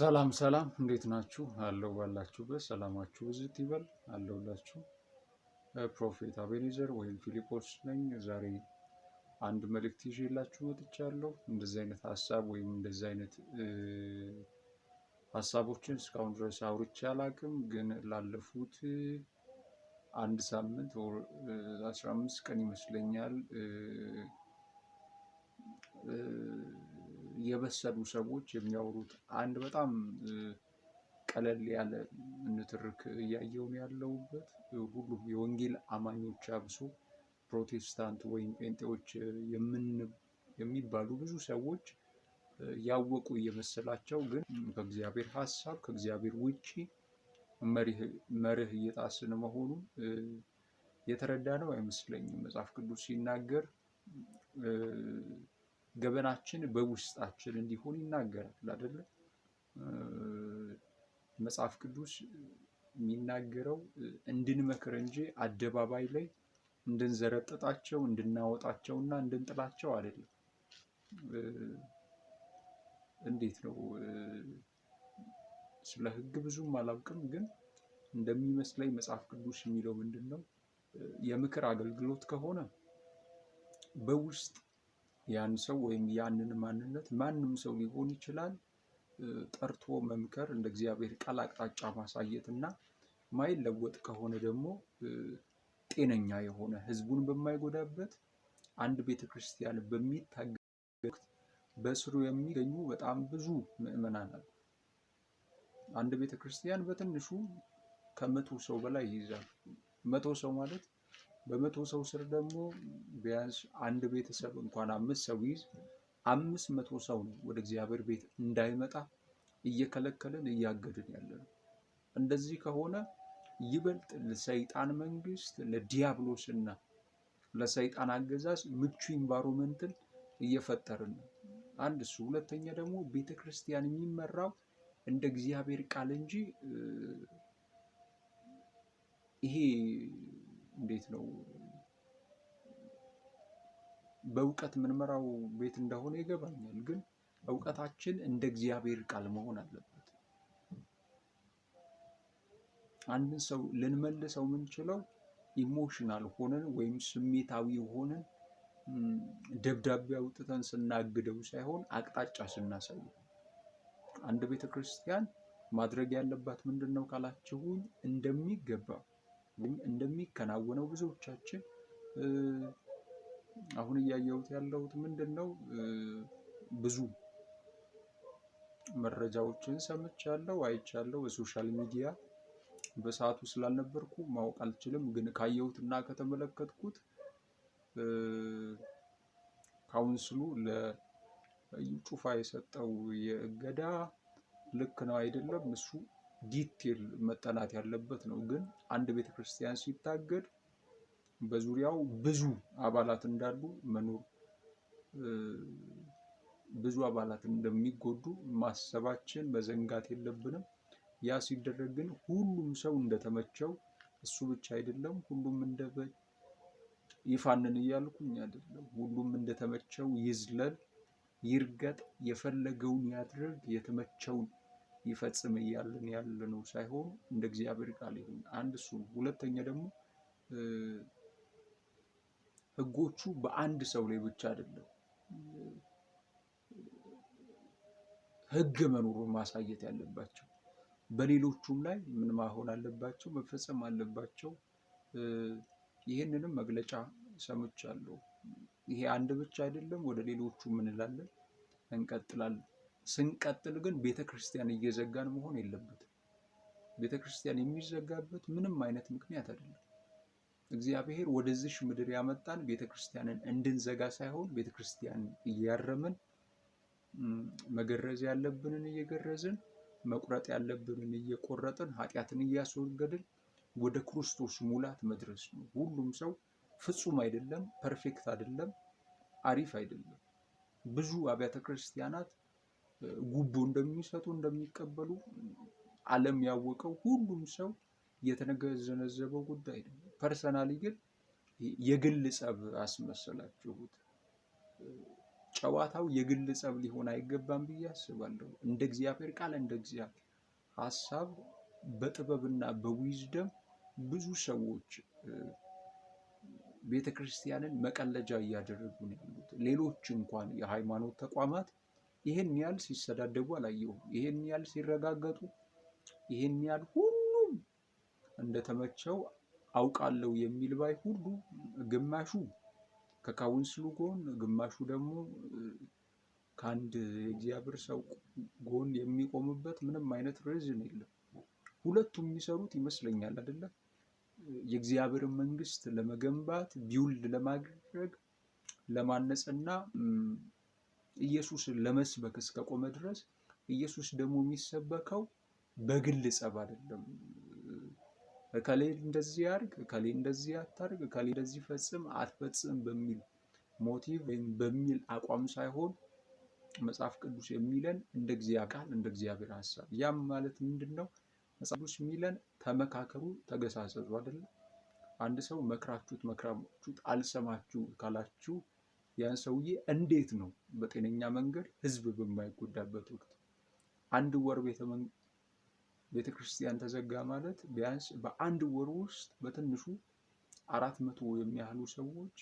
ሰላም ሰላም፣ እንዴት ናችሁ? አለው ባላችሁበት ሰላማችሁ ብዝት ይበል። አለውላችሁ። ፕሮፌት አቤኔዘር ወይም ፊሊጶስ ነኝ። ዛሬ አንድ መልእክት ይዤላችሁ መጥቻለሁ። እንደዚህ አይነት ሀሳብ ወይም እንደዚህ አይነት ሀሳቦችን እስካሁን ድረስ አውርቼ አላቅም፣ ግን ላለፉት አንድ ሳምንት አስራ አምስት ቀን ይመስለኛል የበሰሉ ሰዎች የሚያወሩት አንድ በጣም ቀለል ያለ ንትርክ እያየውን ያለውበት ሁሉም የወንጌል አማኞች አብሶ ፕሮቴስታንት ወይም ጴንጤዎች የሚባሉ ብዙ ሰዎች ያወቁ እየመሰላቸው ግን ከእግዚአብሔር ሀሳብ ከእግዚአብሔር ውጪ መርህ እየጣስን መሆኑን የተረዳ ነው አይመስለኝም። መጽሐፍ ቅዱስ ሲናገር ገበናችን በውስጣችን እንዲሆን ይናገራል አይደለ? መጽሐፍ ቅዱስ የሚናገረው እንድንመክር እንጂ አደባባይ ላይ እንድናወጣቸው እና እንድንጥላቸው አይደለም። እንዴት ነው? ስለ ሕግ ብዙም አላውቅም፣ ግን እንደሚመስለኝ መጽሐፍ ቅዱስ የሚለው ምንድን ነው? የምክር አገልግሎት ከሆነ በውስጥ ያን ሰው ወይም ያንን ማንነት ማንም ሰው ሊሆን ይችላል ጠርቶ መምከር፣ እንደ እግዚአብሔር ቃል አቅጣጫ ማሳየት እና ማይለወጥ ከሆነ ደግሞ ጤነኛ የሆነ ህዝቡን በማይጎዳበት አንድ ቤተ ክርስቲያን በሚታገል በስሩ የሚገኙ በጣም ብዙ ምዕመናን አሉ። አንድ ቤተ ክርስቲያን በትንሹ ከመቶ ሰው በላይ ይይዛል። መቶ ሰው ማለት በመቶ ሰው ስር ደግሞ ቢያንስ አንድ ቤተሰብ እንኳን አምስት ሰው ይዝ አምስት መቶ ሰው ነው ወደ እግዚአብሔር ቤት እንዳይመጣ እየከለከልን እያገድን ያለ ነው። እንደዚህ ከሆነ ይበልጥ ለሰይጣን መንግስት፣ ለዲያብሎስና ለሰይጣን አገዛዝ ምቹ ኢንቫይሮመንትን እየፈጠርን ነው። አንድ እሱ። ሁለተኛ ደግሞ ቤተ ክርስቲያን የሚመራው እንደ እግዚአብሔር ቃል እንጂ ይሄ እንዴት ነው በእውቀት ምንመራው ቤት እንደሆነ ይገባኛል። ግን እውቀታችን እንደ እግዚአብሔር ቃል መሆን አለበት። አንድን ሰው ልንመልሰው የምንችለው ኢሞሽናል ሆነን ወይም ስሜታዊ ሆነን ደብዳቤ አውጥተን ስናግደው ሳይሆን አቅጣጫ ስናሳየው። አንድ ቤተ ክርስቲያን ማድረግ ያለባት ምንድን ነው ካላችሁኝ እንደሚገባ እንደሚከናወነው ብዙዎቻችን አሁን እያየሁት ያለሁት ምንድን ነው ብዙ መረጃዎችን ሰምቻለሁ፣ አይቻለሁ። በሶሻል ሚዲያ በሰዓቱ ስላልነበርኩ ማወቅ አልችልም። ግን ካየሁት እና ከተመለከትኩት ካውንስሉ ለጩፋ ጩፋ የሰጠው የእገዳ ልክ ነው አይደለም እሱ ዲቴል መጠናት ያለበት ነው። ግን አንድ ቤተክርስቲያን ሲታገድ በዙሪያው ብዙ አባላት እንዳሉ መኖር ብዙ አባላት እንደሚጎዱ ማሰባችን መዘንጋት የለብንም። ያ ሲደረግ ግን ሁሉም ሰው እንደተመቸው እሱ ብቻ አይደለም፣ ሁሉም እንደ ይፋንን እያልኩኝ አይደለም። ሁሉም እንደተመቸው ይዝለል፣ ይርገጥ፣ የፈለገውን ያድርግ፣ የተመቸውን ይፈጽም እያለን ያለ ነው ሳይሆን እንደ እግዚአብሔር ቃል ይሁን። አንድ እሱ ነው። ሁለተኛ ደግሞ ህጎቹ በአንድ ሰው ላይ ብቻ አይደለም ህግ መኖሩን ማሳየት ያለባቸው በሌሎቹም ላይ ምን ማሆን አለባቸው፣ መፈጸም አለባቸው። ይህንንም መግለጫ ሰምቻለሁ። ይሄ አንድ ብቻ አይደለም። ወደ ሌሎቹ ምን እንላለን እንቀጥላለን። ስንቀጥል ግን ቤተ ክርስቲያን እየዘጋን መሆን የለበትም። ቤተ ክርስቲያን የሚዘጋበት ምንም አይነት ምክንያት አይደለም። እግዚአብሔር ወደዚሽ ምድር ያመጣን ቤተ ክርስቲያንን እንድንዘጋ ሳይሆን ቤተ ክርስቲያን እያረምን መገረዝ ያለብንን እየገረዝን መቁረጥ ያለብንን እየቆረጥን ኃጢአትን እያስወገድን ወደ ክርስቶስ ሙላት መድረስ ነው። ሁሉም ሰው ፍጹም አይደለም፣ ፐርፌክት አይደለም፣ አሪፍ አይደለም። ብዙ አብያተ ክርስቲያናት ጉቦ እንደሚሰጡ እንደሚቀበሉ ዓለም ያወቀው ሁሉም ሰው የተነገዘነዘበው ጉዳይ ነው። ፐርሰናሊ ግን የግል ጸብ አስመሰላችሁት። ጨዋታው የግል ጸብ ሊሆን አይገባም ብዬ አስባለሁ። እንደ እግዚአብሔር ቃል እንደ እግዚአብሔር ሀሳብ በጥበብና በዊዝደም ብዙ ሰዎች ቤተ ክርስቲያንን መቀለጃ እያደረጉ ነው ያሉት። ሌሎች እንኳን የሃይማኖት ተቋማት ይህን ያህል ሲሰዳደቡ አላየሁም። ይህን ያህል ሲረጋገጡ፣ ይህን ያህል ሁሉም እንደተመቸው አውቃለሁ የሚል ባይ ሁሉ ግማሹ ከካውንስሉ ጎን፣ ግማሹ ደግሞ ከአንድ የእግዚአብሔር ሰው ጎን የሚቆምበት ምንም አይነት ሪዝን የለም። ሁለቱም የሚሰሩት ይመስለኛል አይደለም የእግዚአብሔር መንግስት ለመገንባት ቢውልድ ለማድረግ ለማነጽና ኢየሱስን ለመስበክ እስከቆመ ድረስ ኢየሱስ ደግሞ የሚሰበከው በግል ጸብ አይደለም። እከሌ እንደዚህ ያርግ፣ እከሌ እንደዚህ አታርግ፣ እከሌ እንደዚህ ፈጽም አትፈጽም በሚል ሞቲቭ ወይም በሚል አቋም ሳይሆን መጽሐፍ ቅዱስ የሚለን እንደ እግዚአብሔር ቃል እንደ እግዚአብሔር ሐሳብ። ያም ማለት ምንድን ነው? መጽሐፍ ቅዱስ የሚለን ተመካከሩ፣ ተገሳጸዙ አይደለም። አንድ ሰው መክራችሁት መክራችሁት አልሰማችሁ ካላችሁ ያን ሰውዬ እንዴት ነው በጤነኛ መንገድ ህዝብ በማይጎዳበት ወቅት አንድ ወር ቤተ ክርስቲያን ተዘጋ ማለት ቢያንስ በአንድ ወር ውስጥ በትንሹ አራት መቶ የሚያህሉ ሰዎች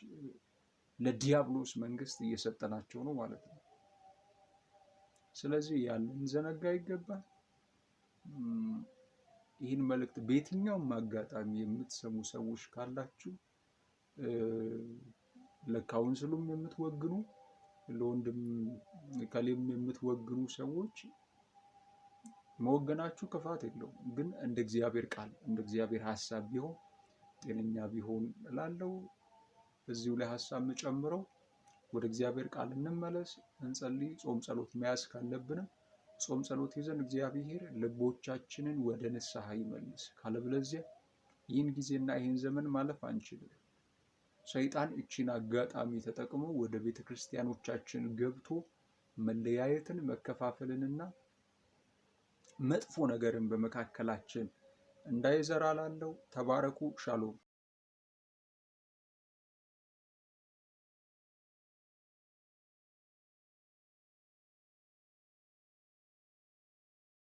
ለዲያብሎስ መንግስት እየሰጠናቸው ነው ማለት ነው። ስለዚህ ያንን ዘነጋ ይገባል። ይህን መልእክት በየትኛውም አጋጣሚ የምትሰሙ ሰዎች ካላችሁ ለካውንስሉም የምትወግኑ ለወንድም ከሌም የምትወግኑ ሰዎች መወገናችሁ ክፋት የለውም፣ ግን እንደ እግዚአብሔር ቃል እንደ እግዚአብሔር ሀሳብ ቢሆን ጤነኛ ቢሆን እላለሁ። እዚሁ ላይ ሀሳብ የምጨምረው ወደ እግዚአብሔር ቃል እንመለስ፣ እንጸልይ። ጾም ጸሎት መያዝ ካለብንም ጾም ጸሎት ይዘን እግዚአብሔር ልቦቻችንን ወደ ንስሐ ይመልስ። ካለበለዚያ ይህን ጊዜና ይህን ዘመን ማለፍ አንችልም። ሰይጣን እቺን አጋጣሚ ተጠቅሞ ወደ ቤተ ክርስቲያኖቻችን ገብቶ መለያየትን መከፋፈልንና መጥፎ ነገርን በመካከላችን እንዳይዘራ ላለው ተባረኩ ሻሎም